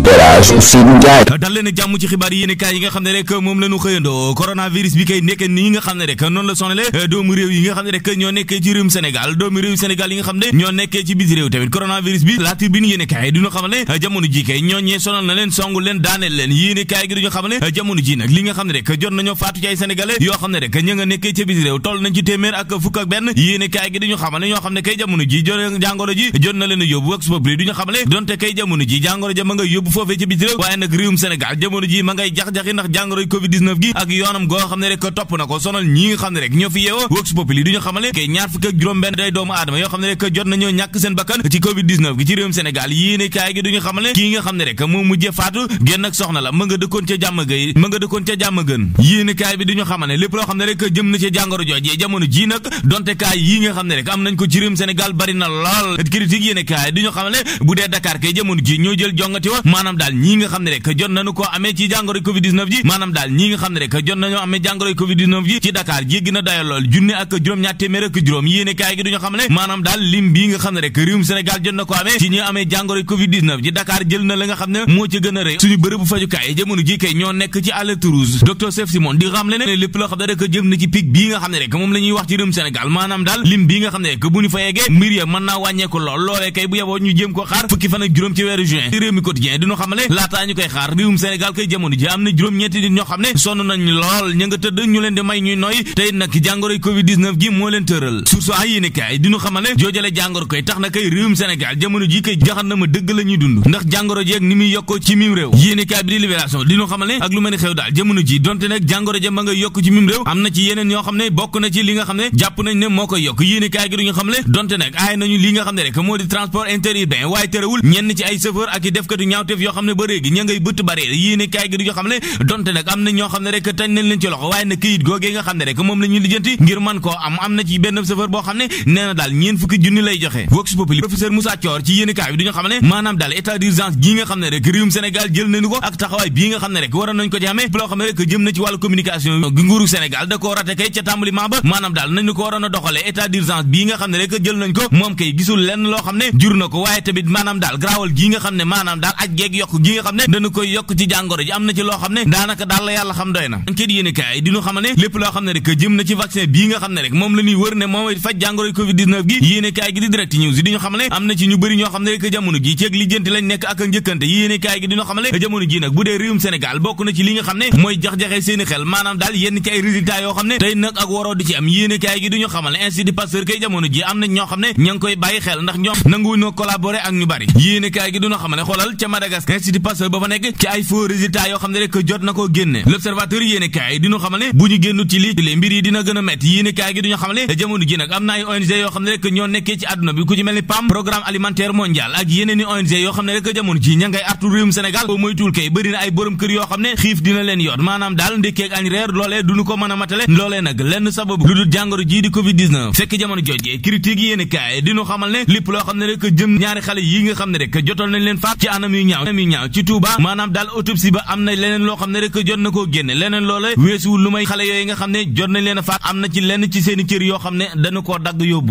Elhadji Ousseynou Ndiaye dal leen jàmm ci xibaar yéen kaay yi nga xam ne rek moom la ñu xëyandoo coronavirus bi kay nekk nii nga xam ne rek noonu la sonale eh, doomu réew yi nga xam ne rek ñoo nekkee ci réewum réew Sénégal yi nga bi laati bi yéen kaay kay ñoo ñee sonal na eh, ji nag li nga xam ne rek jot nañoo faatu ci ay yoo xam ne rek ña nga nekkee ci biti réew toll nañ ci téeméer ak fukk ak benn yéen kaay gi duñu xam ne ñoo xam ne kay jamono ji jot na leen yóbbu yóbbu foofee ci biti réew waaye nag réewum Sénégal jamono ji ma ngay jax-jaxi ndax jàngoroy covid gi ak yoonam goo xam ne rek topp na ko sonal ñi nga xam ne rek ñoo fi yeewoo vox populi du ñu xamal ne kay ñaar fukk ak juróom ne rek jot nañoo ñàkk seen bakkan ci covid 19 gi ci réewum Sénégal yéene ne nga xam ne rek moo mujjee faatu génn ak soxna la ma nga dëkkoon ca jàmm gay ma kaay bi du ñu lépp loo xam ne rek jëm na ca jàngoro joojee jamono ji nag donte kaay yi nga xam ne rek am nañ ko ci réewum Sénégal bari na lool critique yéene kaay du ñu xamal bu dee Dakar kay jamono ji ñoo jël jongati maanaam daal ñii nga xam ne rek jot nañu koo amee ci jàngoro covid 19 ji maanaam daal ñii nga xam ne rek jot nañoo ko amee ci ñi amee jàngoro covid 19 ji Dakar jël na la nga xam ne moo ci gën a rëy suñu bërëbu fajukaay jamono ji kay ñoo nekk ci alerte rouge docteur Chef Simon di xam le ne lépp xam ne rek jëm na ci pic bii nga xam ne rek moom la wax ci réewum Sénégal maanaam daal lim bii nga xam ne rek bu ñu fa yeggee mbir ya mën diñu xamal ne laataa ñu koy xaar réewum Sénégal koy jamono ji am na juróom-ñetti ñoo xam ne sonn nañ lool ña nga tëdd ñu leen di may ñuy noy tey nag jàngoroy covid 19 gi moo leen tëral surso ay yéene kaay diñu xamal ne joojale jàngoro koy tax na kay réewum Sénégal jamono ji koy jaxan na ma dëgg la ñuy dund ndax jàngoro jeeg muy yokkoo ci mim réew yéene bi di libération diñu xamal ne ak lu mel ni xew daal jamono ji donte nag jàngoro ja ma nga yokk ci mim réew am na ci yeneen ñoo xam ne bokk na li nga xam ne jàpp nañ ne moo yokk yéene kaay ne donte nag li nga xam ne moo di transport interurbain waaye terewul ñaawteef yoo xam ne ba léegi ña ngay bëtt bare gi di xam ne donte nag am na ñoo xam ne rek tañ nañ leen ci loxo waaye nag këyit googee nga xam ne rek moom kay gisul lenn loo xam ne jur na ko waaye tamit maanaam daal garawal gi nga xam ne maanaam daal aj geeg yokk gi nga xam ne dana koy yokk am na ci loo xam ne daanaka daal xam doy na enquête ñu xam ne lépp loo na ci vaccin bii nga xam am na ci ñu bëri ñoo xam ne na ci li nga xam xel maanaam daal yenn ci ay ak waroo di ci gi di ñu xamal ne institut Madagascar si di ba fa nekk ci ay faux résultats yoo xam ne rek jot na koo génne l'observateur yéene kaay diñu xamal ne bu ñu génnu ci lii mbir yi dina gën a métti yéene kaay gi duñu xamal ne jamono ji nag am na ay ONG yoo xam ne rek ñoo nekkee ci àdduna bi ku ci mel ni PAM programme alimentaire mondial ak yeneen ONG yoo xam ne rek jamono ji ña ngay artu réewum moytuwul kay bëri na ay borom kër yoo xam ne xiif dina leen yoot maanaam ñaaw ami ñaaw ci Touba maanaam daal autopsie ba am na leneen loo xam ne rek jot na koo génne leneen loola weesuwul lu may xale yooyu nga xam ne jot nañ leen a faat am na ci lenn ci seeni cër yoo xam ne dañu koo dagg yóbbu.